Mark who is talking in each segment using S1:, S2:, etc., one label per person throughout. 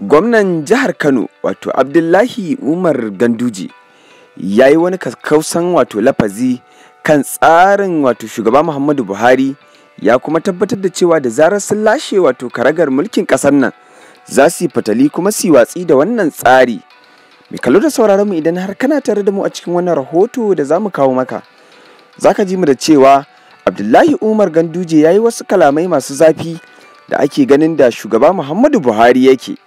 S1: gwamnan jihar kano wato abdullahi umar Ganduji, ya yi wani kakkausan wato lafazi kan tsarin wato shugaba muhammadu buhari ya kuma tabbatar da cewa da zarar sun lashe wato karagar mulkin kasar nan za su yi fatali kuma su yi watsi da wannan tsari mai kallo da sauraron mu idan har kana tare da mu a cikin wannan rahoto da za mu kawo maka za ka ji mu da cewa abdullahi umar ganduje ya yi wasu kalamai masu zafi da ake ganin da shugaba muhammadu buhari yake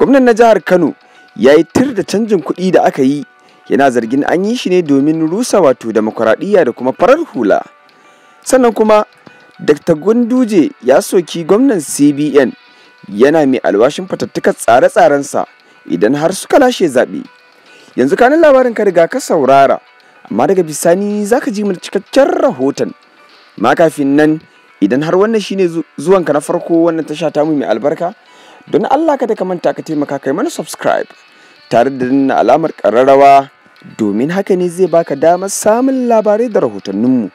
S1: gwamnan na jihar kano ya yi tir da canjin kuɗi da aka yi yana zargin an yi shi ne domin rusa wato demokuraɗiyya da kuma farar hula sannan kuma dr gunduje ya soki gwamnan cbn yana mai alwashin fatattukar tsare-tsarensa idan har suka lashe zaɓe yanzu kanin labarin ka riga ka saurara amma daga bisani za ka ji mana cikakken rahoton ma kafin nan idan har wannan shine zuwanka na farko wannan tasha tamu mai albarka don Allah ka ka manta ka taimaka kai mana subscribe tare da nuna alamar ƙararrawa domin haka ne zai baka damar samun labarai da rahotanninmu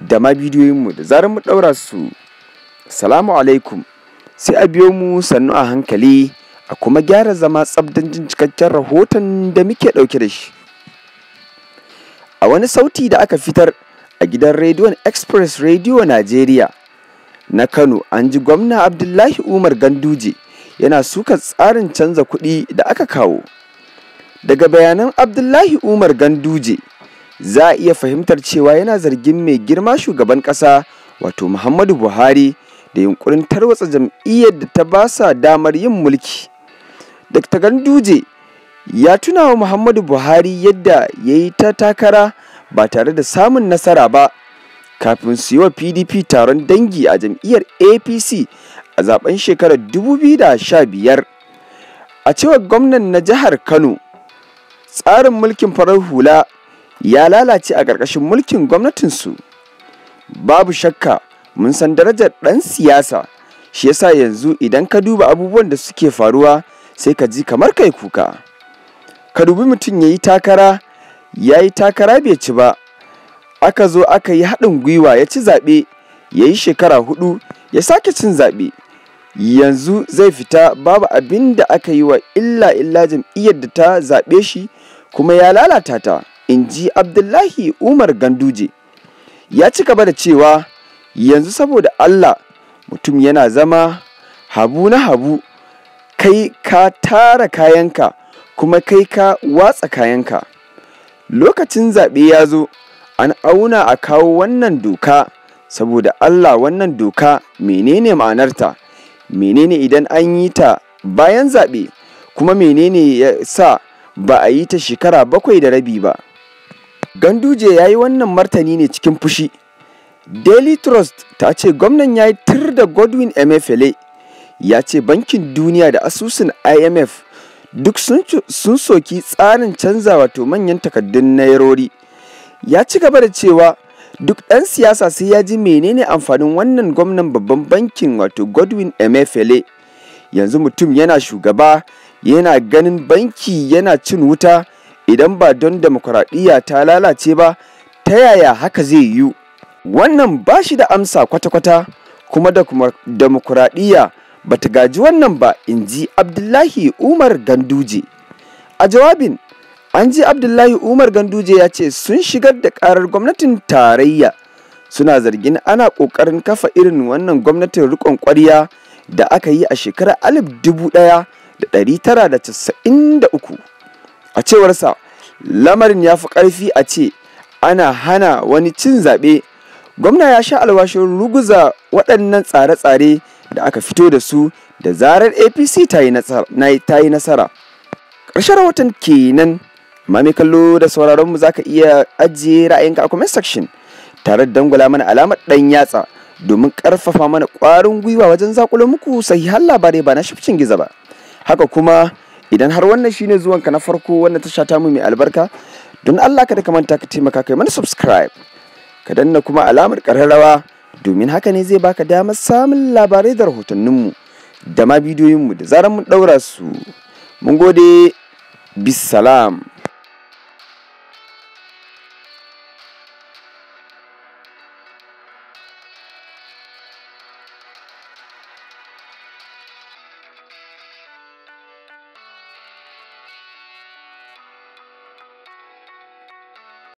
S1: da ma bidiyoyinmu da zarar mu ɗaura su salamu alaikum sai a biyo mu sannu a hankali a kuma gyara zama tsabdan jin cikakken rahoton da muke ɗauke da shi a wani sauti da aka fitar a gidan rediyon express radio najeriya na kano an ji gwamna abdullahi umar ganduje yana suka tsarin canza kuɗi da aka kawo. Daga bayanan Abdullahi Umar Ganduje, za a iya fahimtar cewa yana zargin mai girma shugaban ƙasa wato Muhammadu Buhari da yunkurin tarwatsa jam'iyyar da ta basa damar yin mulki. Dr. Ganduje ya tuna wa Muhammadu Buhari yadda ya yi ta takara ba tare da samun nasara ba kafin su yi wa PDP taron dangi a jam'iyyar APC a zaben shekarar 2015 a cewar gwamnan na jihar kano tsarin mulkin farar hula ya lalace a ƙarƙashin mulkin gwamnatinsu babu shakka mun san darajar ɗan siyasa shi yasa yanzu idan ka duba abubuwan da suke faruwa sai ka ji kamar kai kuka ka dubi mutum ya yi takara ya yi takara bai ci ba aka zo aka yi haɗin gwiwa ya ci zaɓe ya yi shekara hudu ya sake cin zaɓe yanzu zai fita babu abin da aka yi wa illa illa jam'iyyar da ta zaɓe shi kuma ya lalata ta in ji abdullahi umar ganduje ya ci gaba da cewa yanzu saboda allah mutum yana zama habu na habu kai ka tara kayanka kuma kai ka watsa kayanka lokacin zaɓe ya zo an auna a kawo wannan doka saboda allah wannan doka menene ma'anarta menene idan an yi ta bayan zaɓe kuma menene ya sa ba a yi ta shekara bakwai da rabi ba ganduje ya yi wannan martani ne cikin fushi daily trust ta ce gwamnan ya yi tir da godwin emefiele ya ce bankin duniya da asusun imf duk sun soki tsarin canza wato manyan takaddun nairori ya ci gaba da cewa duk ɗan siyasa sai ya ji menene amfanin wannan gwamnan babban bankin wato godwin emefele yanzu mutum yana shugaba yana ganin banki yana cin wuta idan ba don demokuraɗiyya ta lalace ba ta yaya haka zai yiwu wannan ba shi da amsa kwata-kwata kuma da demokuraɗiyya ba ta gaji wannan ba in ji abdullahi umar ganduje a jawabin an ji abdullahi umar ganduje ya ce sun shigar da karar gwamnatin tarayya suna zargin ana ƙoƙarin kafa irin wannan gwamnatin rikon ƙwarya da aka yi a shekarar alif dubu ɗaya da da da ɗari tara casa'in uku. a cewarsa lamarin ya fi ƙarfi a ce ana hana wani cin zaɓe gwamna ya sha alwashin ruguza waɗannan tsare-tsare da aka fito da su da zarar apc ta yi nasara ƙarshen rahoton kenan ma kallo da sauraronmu za ka iya ajiye ra'ayinka a comment section tare da dangula mana alamar dan yatsa domin karfafa mana kwarin gwiwa wajen zakulo muku sahihan labarai ba na shafcin giza ba haka kuma idan har wannan shine ka na farko wannan tasha ta mu mai albarka don Allah kada ka manta ka taimaka kai mana subscribe ka danna kuma alamar kararrawa domin haka ne zai baka damar samun labarai da rahotanninmu da ma bidiyoyinmu da zarar mun daura su mun gode bisalam